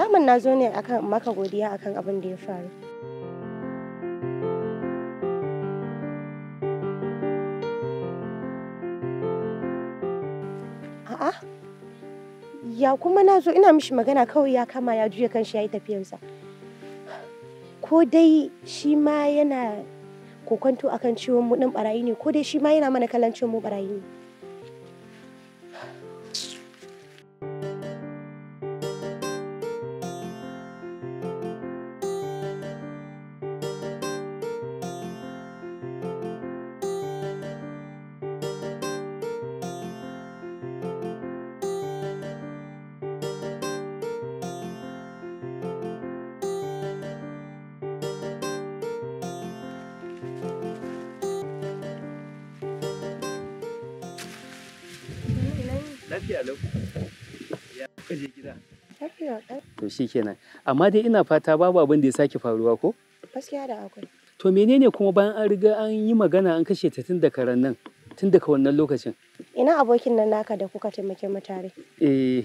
daman na zo ne akan maka godiya akan abin da ya faru a'a ya kuma na zo ina mishi magana kawai ya kama ya juya kanshi ya yi tafiyarsa. ko dai shi ma yana kokonto akan ciwon mu ɗin barayi ne ko dai shi ma yana mana kallon ciwon mu barayi ne Lafiya shi kenan. Amma dai ina fata babu abin da ya sake faruwa ko? Gaskiya da akwai. To menene kuma bayan an riga an yi magana an kashe ta tun da karen nan? Tun daga wannan lokacin? Ina abokin nan naka da kuka taimake mu tare. Eh.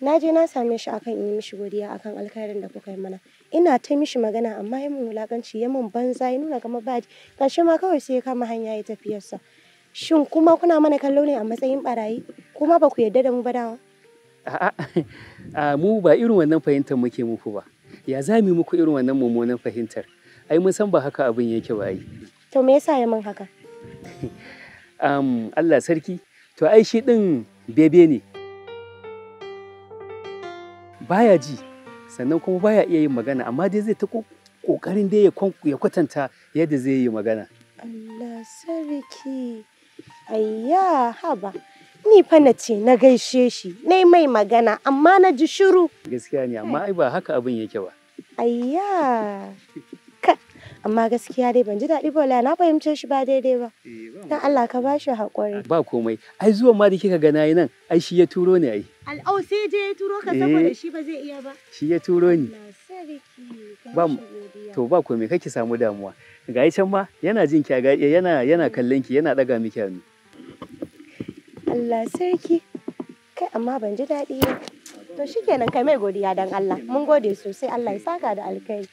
Na je na same shi akan yi mishi godiya akan alkhairin da kuka yi mana. Ina ta mishi magana amma ya mun wulakanci ya mun banza ya nuna kama ba ƙarshe ma kawai sai ya kama hanya ya tafiyarsa. Shin kuma kuna mana kallo ne a matsayin barayi? Kuma ba ku yarda da mu ba dawa? a mu ba irin wannan fahimtar muke muku ba. Ya za mu muku irin wannan mummunan fahimtar? Ai mun san ba haka abin yake ba ai. To me yasa ya min haka? um, Allah sarki, to ai shi ɗin bebe ne. Baya ji, sannan kuma baya iya yin magana, amma dai zai ta ƙoƙarin dai ya kwatanta yadda zai yi magana. Allah sarki, ayya haba. Ni fa na ce na gaishe shi, na mai magana amma na ji shiru. Gaskiya ne amma ai ba haka abin yake ba. Ayya. Amma gaskiya dai ban ji daɗi ba na fahimce shi ba daidai ba. Eh, Dan Allah ka ba shi haƙuri. Ba komai. Ai zuwan ma da kika ga nayi nan, ai shi ya turo ni ai. Al'au sai je ya turo ka saboda eh. shi ba zai iya ba. Shi ya turo ni. Ba to ba komai kake samu damuwa. Ga can ma yana jin ki yana yana kallon ki yana ɗaga miki hannu. Allah sarki. Kai amma ban ji daɗi ba. To shikenan kai mai godiya dan Allah. Mun gode sosai Allah ya saka da alkai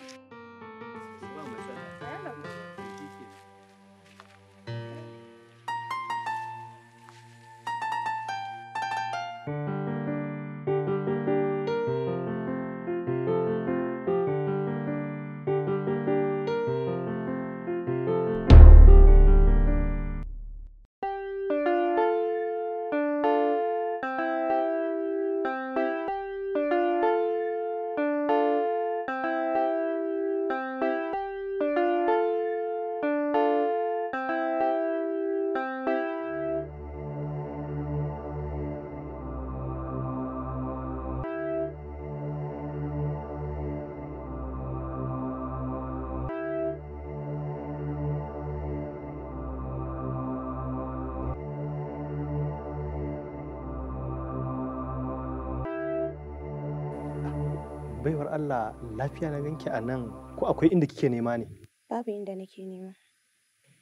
Allah lafiya na ganki a nan ko akwai inda kike nema ne? Babu inda nake nema.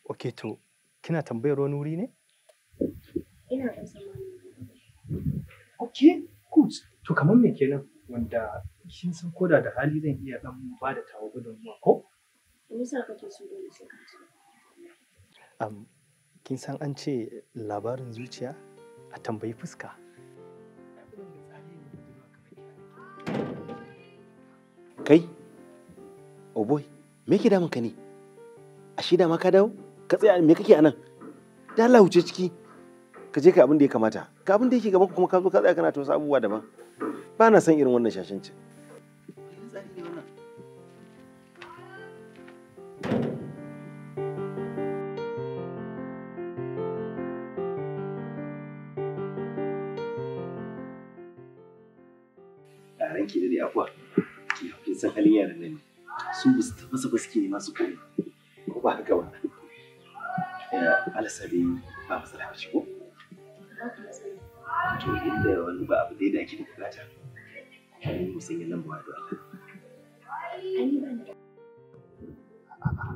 Ok to, kina tambayar wani wuri ne? Ina Ok, good. To kamar me kenan wanda kin san koda da hali zan iya dan ba da tawo ruwa ko? Me yasa kake so da sai ka kin san an ce labarin zuciya a tambayi fuska. Kai, oh boy, me ke damun ka ne? A shi ma ka dawo? Ka tsaya me kake a nan? Da Allah wuce ciki. Ka je ka abin da ya kamata. Ka abin da yake gaban kuma ka zo ka tsaya kana ta abubuwa daban. Ba na son irin wannan shashancin. yaran ki da afuwa san halin yaran nan su ba su taɓa su suke nema su ko ba haka ba eh, alasabi ba matsala ba shi ko to inda wani ba abu dai da ake da bukata mun musanya nan ba da Allah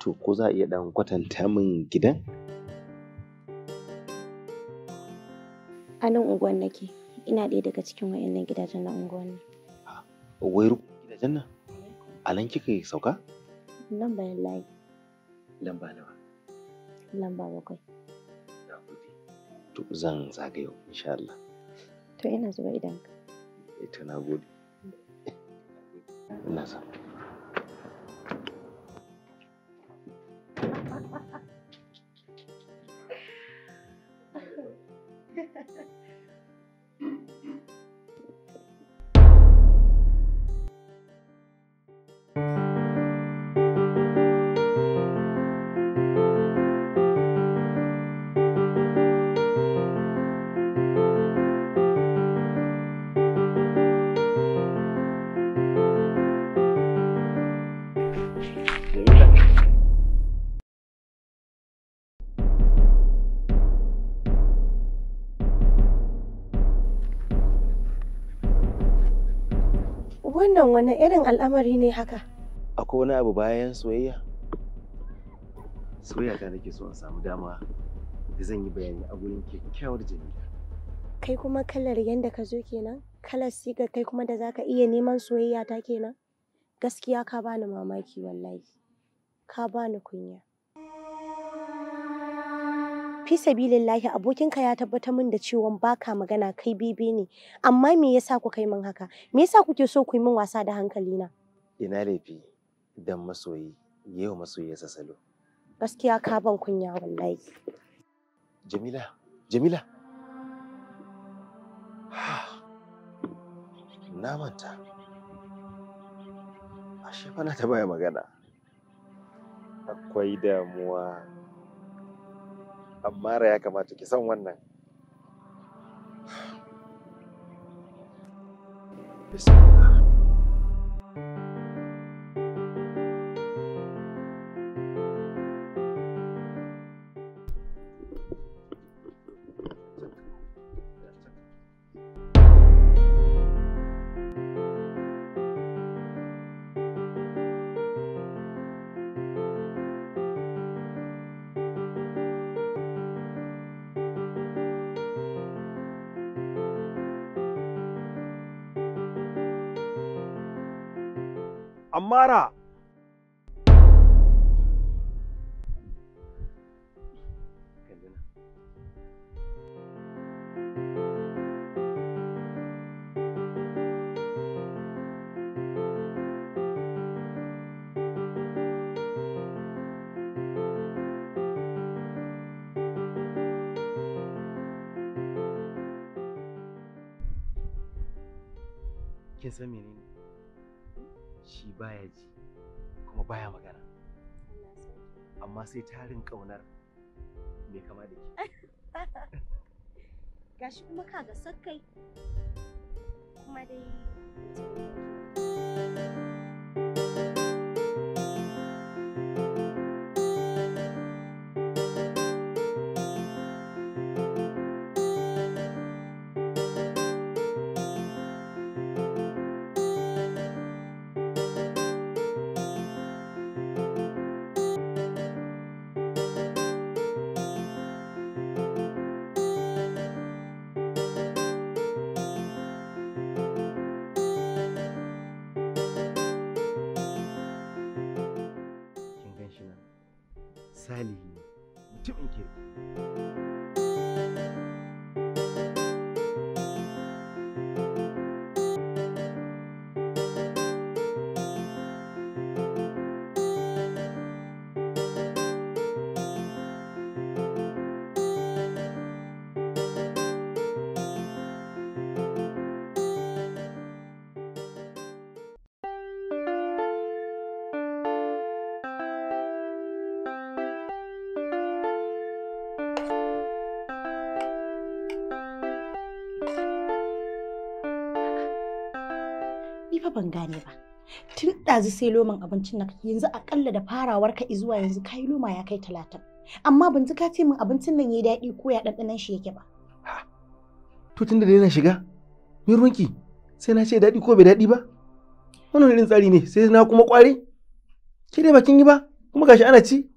to ko za a iya dan kwatanta min gidan a nan unguwan nake ina ɗaya daga cikin wa'annan gidajen na unguwan ne ah, wai aljanna a nan kika yi sauka nan bayan layi lamba nawa lamba bakwai na gode to zan zagayo insha Allah to ina zuba idan ka eh, to na gode mm. ina zama Wannan wani irin al'amari ne haka? Akwai wani abu bayan soyayya? Soyayya ta nake so in samu dama da zan yi bayani a gurin kyakkyawar jami'a. Kai kuma kalar yadda ka zo kenan? Kalar siga kai kuma da zaka iya neman soyayya ta kenan? Gaskiya ka bani mamaki wallahi. Ka bani kunya. fi sabilillahi abokinka ya tabbata min da cewa baka magana kai bebe ne amma me yasa ku kai min haka me yasa kuke so ku yi min wasa da hankali na ina laifi dan masoyi yau masoyi ya salo gaskiya ka ban kunya wallahi jamila jamila na manta ashe fa na ta baya magana akwai damuwa amma ya kamata ki san wannan Bismillah. Ammara kin baya ji kuma baya magana amma sai tarin kaunar mai kama da ke gashi kuma kaga sakkai kuma dai salihi mutumin kirki ban gane ba tun ɗazu sai loman abincin na yanzu aƙalla da farawar ka zuwa yanzu kai loma ya kai talatin amma ban ji ka ce min abincin nan yayi daɗi ko ya ɗanɗanan shi yake ba to tunda da na shiga me ruwanki sai na ce daɗi ko bai daɗi ba wannan irin tsari ne sai na kuma ƙwari ke dai kin yi ba kuma gashi ana ci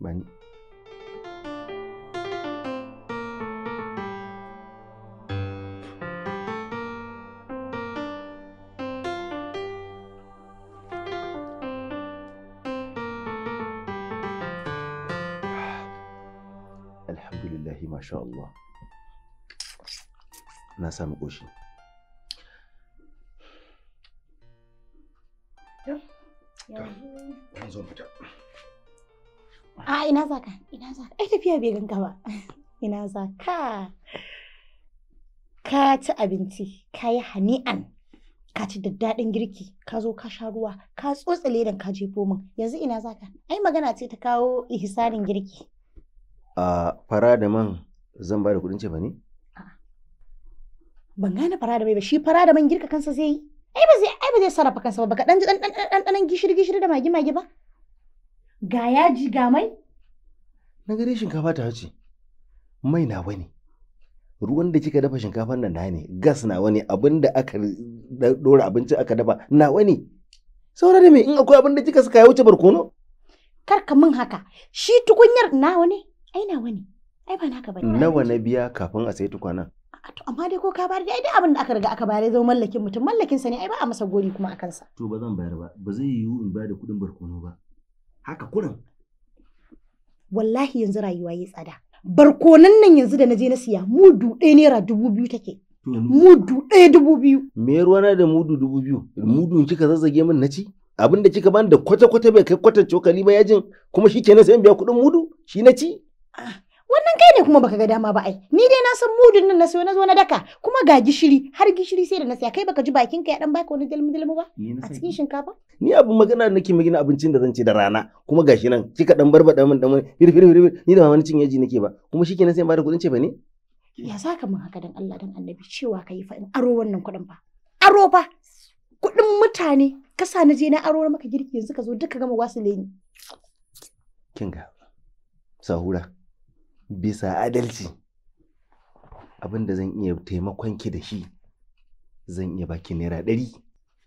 من الحمد لله ما شاء الله. ناسا مقوشي. يلا يلا انزل بجد. A ina za ka? Ina za ka? Ai tafiya bai ganka ba. Ina za ka? Ka ci abinci, ka yi hani'an, ka ci daddaɗin girki, ka zo ka sha ruwa, ka tsotse ledan ka jefo min. Yanzu ina za ka? Ai magana ce ta kawo ihsanin girki. A fara da man zan ba da kuɗin ce ba ne? Ban gane fara da mai ba, shi fara da man girka kansa zai yi? Ai ba zai sarrafa kansa ba, baka ɗan ji ɗan ɗan ɗan gishiri gishiri da magi magi ba? ga yaji ga mai? Na gare shinkafa ta ce, mai na wani. Ruwan da kika dafa shinkafar nan na ne, gas na wani, abin da aka ɗora abinci aka dafa na wani. Saura da mai in akwai abin da kika suka ya wuce barkono? Karka min haka, shi tukunyar na wani, ai na wani, ai ba naka bane. Nawa na biya kafin a sayi tukwana? To amma dai ko ka bayar dai abin da aka riga aka bayar zama mallakin mutum mallakin sa ne ai ba a masa gori kuma a kansa. To ba zan bayar ba, ba zai yiwu in bayar da kuɗin barkono ba. haka kurin wallahi yanzu rayuwa yi tsada barkonan nan yanzu da na je na siya mudu ɗaya naira dubu biyu take mudu ɗaya dubu biyu me ruwana da mudu dubu biyu mudu kika zazzage min na ci abin da kika bani da kwata-kwata bai kai kwatan cokali ba yajin kuma shi ke na in biya kuɗin mudu shi na ci ah, kai ne kuma baka ga dama ba ai ni dai na san mudun nan na sayo na zo na daka kuma ga gishiri har gishiri sai da na saya kai baka ji bakin ka ya dan baka wani dalmi dalmi ba a cikin shinkafa ni abin magana da nake magana abincin da zan ci da rana kuma gashi nan kika dan barbada min dan fir fir fir ni da mamani cin yaji nake ba kuma shikenan sai ba da kudin ce ba ne ya saka mun haka dan Allah dan Annabi cewa kai fa in aro wannan kudin fa aro fa kudin mutane kasa na je na aro maka girki yanzu ka zo duka gama wasu leni kinga sahura bisa adalci abin da zan iya taimakon ki da shi zan iya baki naira ɗari.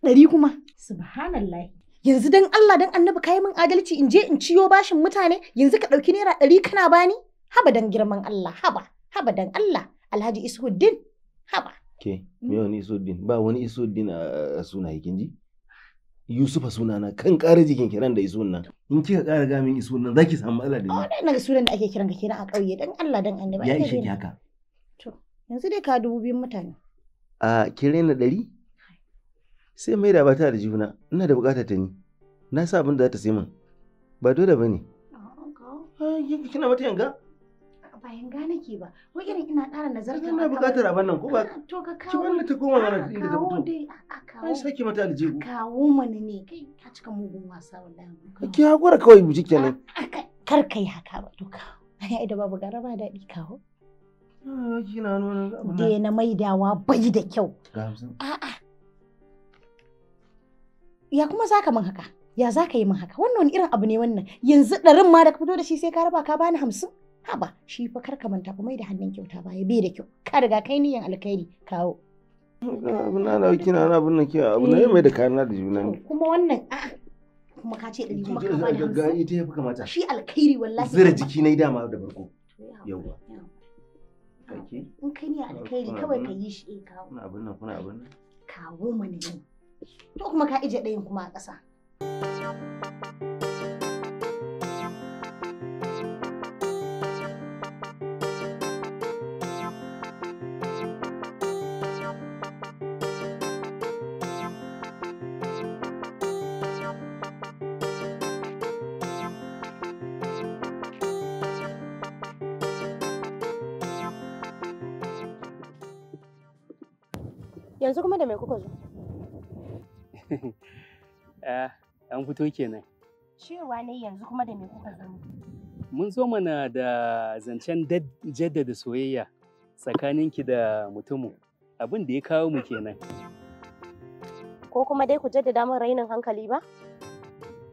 Ɗari kuma? Subhanallah. Yanzu dan Allah dan annabi kayi min adalci in je in ciyo bashin mutane yanzu ka ɗauki naira ɗari kana bani? Haba dan girman Allah haba haba dan Allah Alhaji Isuddin haba. Ke, me wani Isuddin? Ba wani Isuddin a sunaye kin ji? Yusufa sunana kan ƙara jikin kiran da isu nan. In kika ƙara gamin isu nan zaki samu matsala da ni. Oh daga sunan da ake kiran ka kenan a ƙauye dan Allah dan Annabi. Ya ishe ki haka. To yanzu dai ka dubu biyun mutane. A kire na ɗari? Sai mai da bata da juna ina da buƙatar ta ni. Na sa abin da za ta sai min. Ba dole ba ne. Kina mata yanga? bayan gane ke ba ko irin ina ƙara nazarta ina buƙatar a nan ko ba to ka kawo ki wannan ta koma mana inda ta fito dai a kawo ai saki mata aljihu kawo mana ne kai ka cika mugun wasa wallahi ki hakura kawai mu jike ne kar kai haka ba to ka ai da babu garaba daɗi kawo ah, kina nuna abin da na maidawa bai da kyau a'a ya kuma zaka min haka ya zaka yi min haka wannan irin abu ne wannan yanzu ɗarin ma da ka fito da shi sai ka raba ka bani hamsin haba shi fa kar ka manta fa mai da hannun kyauta ba ya bai da kyau ka riga kai niyan alkhairi kawo abin na da kina na abin nan ke abin na mai da kayan da juna ne kuma wannan a ah, kuma ka ce ɗari kuma kama da ga ita ya fi kamata shi alkhairi wallahi zira jiki na dama da barko yauwa in kai niyan alkhairi kawai ka yi shi eh kawo kuna abin nan kuna abin nan kawo mana ne to kuma ka ije ɗayan kuma a ƙasa Thank you. Yanzu kuma da mai kuka zo? Eh, an fito kenan. Cewa ne yanzu kuma da mai kuka zo? Mun zo mana da zancen jaddada soyayya tsakaninki da mutumin abin da ya kawo mu kenan. Ko kuma dai ku jaddada min rainin hankali ba?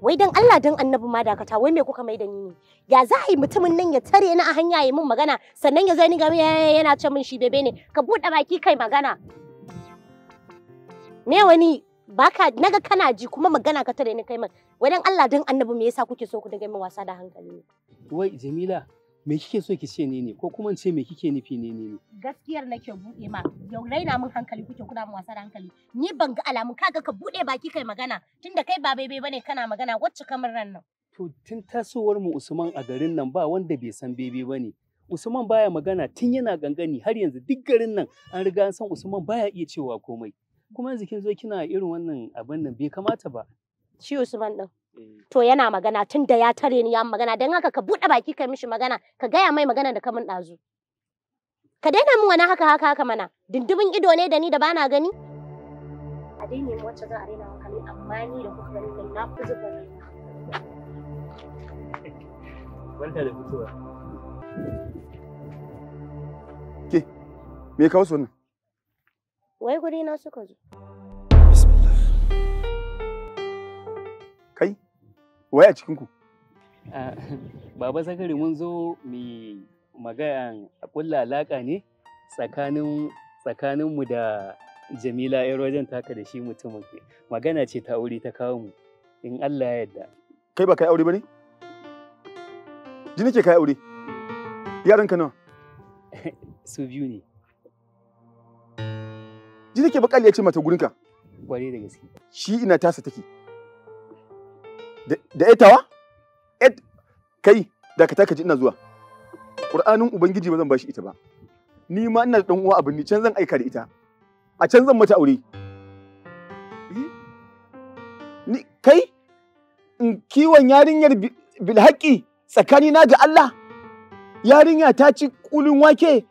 wai dan Allah dan annabi ma dakata wai me kuka mai da ni ne ya za a yi mutumin nan ya tare ni a hanya ya min magana sannan ya zo ni ga yana ce min shi bebe ne ka buɗe baki kai magana me wani baka naga kana ji kuma magana ka tare ni kai man wani Allah dan annabi me yasa kuke so ku dinga min wasa da hankali ne wai Jamila me kike so ki ce ne ne ko kuma ce me kike nufi ne ne gaskiyar nake bude ma yau raina min hankali kuke kuna min wasa da hankali ni ban ga alamun kaga ka bude baki kai magana tunda kai ba bebe bane kana magana wacce kamar nan to tun tasowar mu Usman a garin nan ba wanda bai san bebe bane Usman baya magana tun yana gangani har yanzu duk garin nan an riga an san Usman baya iya cewa komai kuma yanzu kin zo kina irin wannan abin nan bai kamata ba shi Usman din eh. to yana magana tun da ya tare ni ya magana don haka ka buɗe baki kai mishi magana ka gaya mai magana da kamun ɗazu ka daina min wani haka haka haka mana dindibin ido ne da ni da bana gani a dai ne wacce za a daina hankali amma ni da kuka gani na fi zuba ne barka da fitowa ke me ka wasu su Wai guri na suka zo. Kai, wai a cikinku? Ah, Baba Zakari mun zo mu magaya a kulla alaƙa ne tsakanin tsakaninmu da Jamila ‘yar wajen taka da shi mutumin magana ce ta aure ta kawo mu in Allah ya yarda. Kai ba kai aure ba ne? Ji ke kai aure. ka nawa? Su biyu ne. ji take bakal ya ce mata gurinka gwari da gaske shi ina tasa take da etawa et kai da ka taka ji ina zuwa qur'anin ubangiji ba zan bashi ita ba ni ma ina da dan uwa abin ni can zan aika da ita a can zan mata aure ni kai in kiwon yarinyar bilhaki tsakani na da Allah yarinya ta ci kulun wake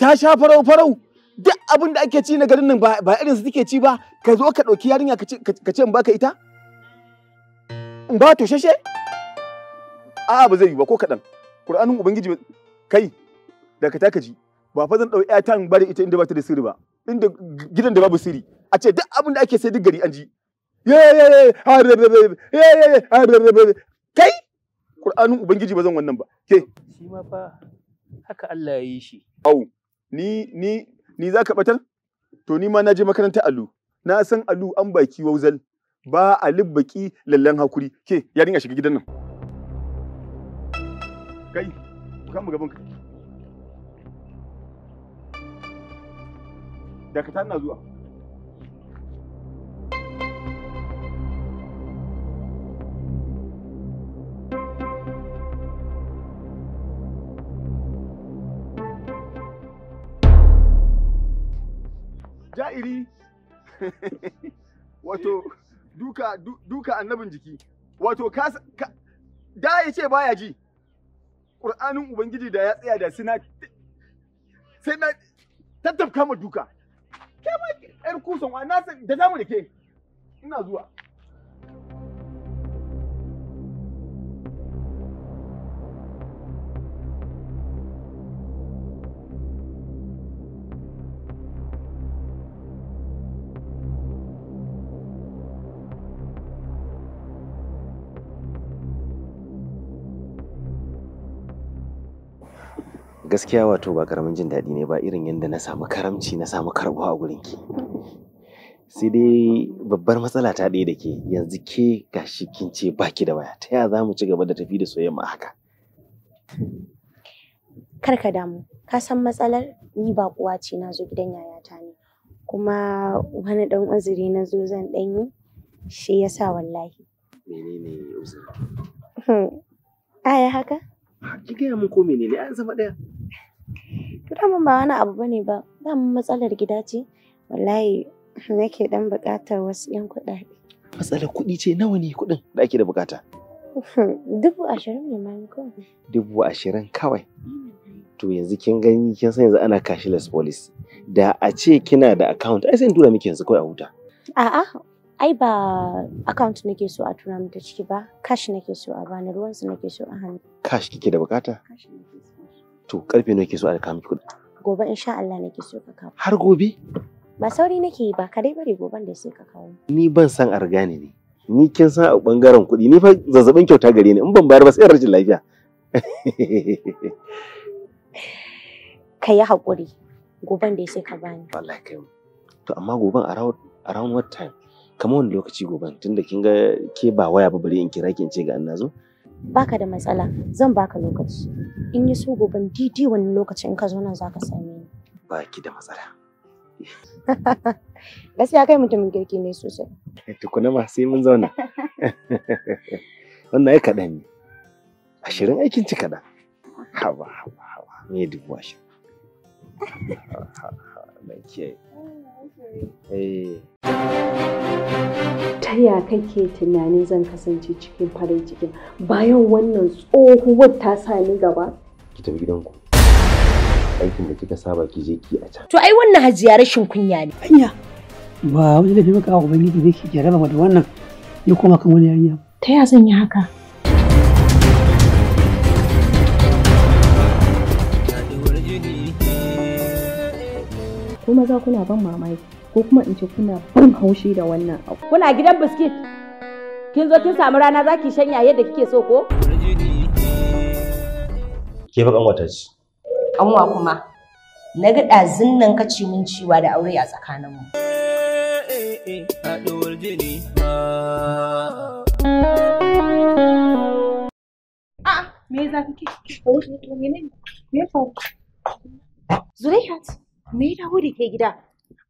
ta sha farau farau duk abin da ake ci na garin nan ba irin su suke ci ba ka zo ka ɗauki yarinya ka ce in baka ita in ba to sheshe a'a ba zai yi ba ko kaɗan ƙur'anin ubangiji kai da ka taka ji ba fa zan ɗau ƴata in bari ita inda ba ta da sirri ba inda gidan da babu sirri a ce duk abin da ake sai duk gari an ji Ye, ye, ye, ye. Ye, ye, kai ƙur'anin ubangiji ba zan wannan ba ke shi ma fa haka Allah ya yi shi au ni ni ni za ka batar to ni ma na je makarantar alu na san alu an baki wauzal ba a libbaki lallan hakuri ke yarinya shiga gidan nan kai kan mu gaban ka dakata na zuwa sha'iri wato duka duka annabin jiki wato ka da ya ce baya ji ƙur'anin ubangiji da ya tsaya da sina sai na tattafka ma duka ke ma ƴar kusan wa na da zamu da ke ina zuwa gaskiya wato ba karamin jin daɗi ne ba irin yadda na samu karamci na samu karbuwa a gurin ki sai dai babbar matsala ta ɗaya da ke yanzu ke gashi kin ce ba ki da waya ta ya za mu ci gaba da tafi da soyayya ma haka kar ka damu ka san matsalar ni ba kuwa ce na zo gidan yayata ne kuma wani ɗan uzuri na zo zan yi shi ya sa wallahi menene uzuri hmm. aya haka ki gaya min ko menene an zama ɗaya To daman ba wani abu bane ba, daman matsalar gida ce. Wallahi nake ɗan buƙatar wasu 'yan kuɗaɗe. Matsalar kuɗi ce nawa ne kuɗin da ake da buƙata? Dubu ashirin ne ma kawai. Dubu ashirin kawai. To yanzu kin gani kin san yanzu ana cashless policy. Da a ce kina da account ai sai in tura miki yanzu kawai a huta. A'a ai ba account nake so a tura miki ciki ba, cash nake so a bani ruwan su nake so a hannu. Cash kike da buƙata? Cash nake so. To karfe nawa kike so a kawo miki kuɗi? Gobe insha Allah nake so ka kawo. Har gobe? Ba sauri nake yi ba, ka dai bari goben da sai ka kawo. Ni ban san arga ne. Ni kin san a bangaren kuɗi, ni fa zazzabin kyauta gare ni in ban bayar ba sai rashin lafiya. Ka yi haƙuri, goben da sai ka bani. Wallahi kai To amma goben around what time? kamar wani lokaci gobe tunda kin ga ke ba waya ba bari in kira ki in ce ga an nazo baka da matsala zan baka lokaci in yi so goban didi wani lokacin ka zo nan za ka same ni. Ba ki da matsala. Gaskiya kai mutumin girki ne sosai. Eh, tukuna ma sai mun zauna. Wannan ai kaɗan ne. Ashirin aikin ci kaɗan. Haba haba haba. ne dubu ashirin. Ta ya kake tunanin zan kasance cikin farin ciki bayan wannan tsohuwar ta sa ni gaba? Ki tafi gidanku. Aikin da kika saba ki je ki a can. To ai wannan hajiya rashin kunya ne. Anya ba wani da bi maka ubangiji ne ki jaraba da wannan ya koma kan wani yarinya. Ta ya zan yi haka? Kuma za kuna ban mamaki. ko kuma in ce kuna bin haushi da wannan abu. Kuna gidan biskit? Kin zo kin samu rana za ki shanya yadda kike so ko? Ke fa kanwata ce. Kanwa kuma. Na ga ɗazin nan ka ci min ciwa da aure a tsakaninmu. A'a, me za ki ke? Me ya me dawo da ke gida?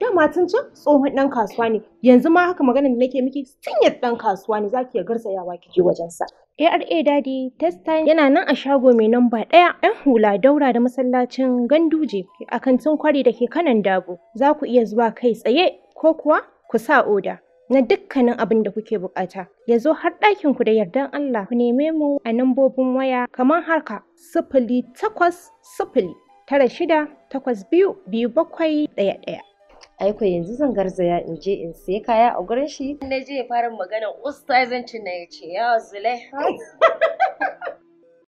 dama matan can tsohon dan kasuwa ne yanzu ma haka maganar da nake miki yadda dan kasuwa ne zaki ya garzayawa kike wajen sa ARA Daddy test time yana nan a shago mai namba ɗaya ‘yan hula daura da masallacin ganduje a kantin kwari da ke kanan dabo za ku iya zuwa kai tsaye ko kuwa ku sa oda na dukkanin abin da kuke bukata ya zo har ɗakin ku da yardan Allah ku neme mu a nambobin waya kamar harka sifili takwas sifili tara shida takwas biyu biyu bakwai ɗaya ɗaya. aiko yanzu zan garzaya in je in sayi kaya a gurin shi na je fara magana ustazancin na ya ce ya zulai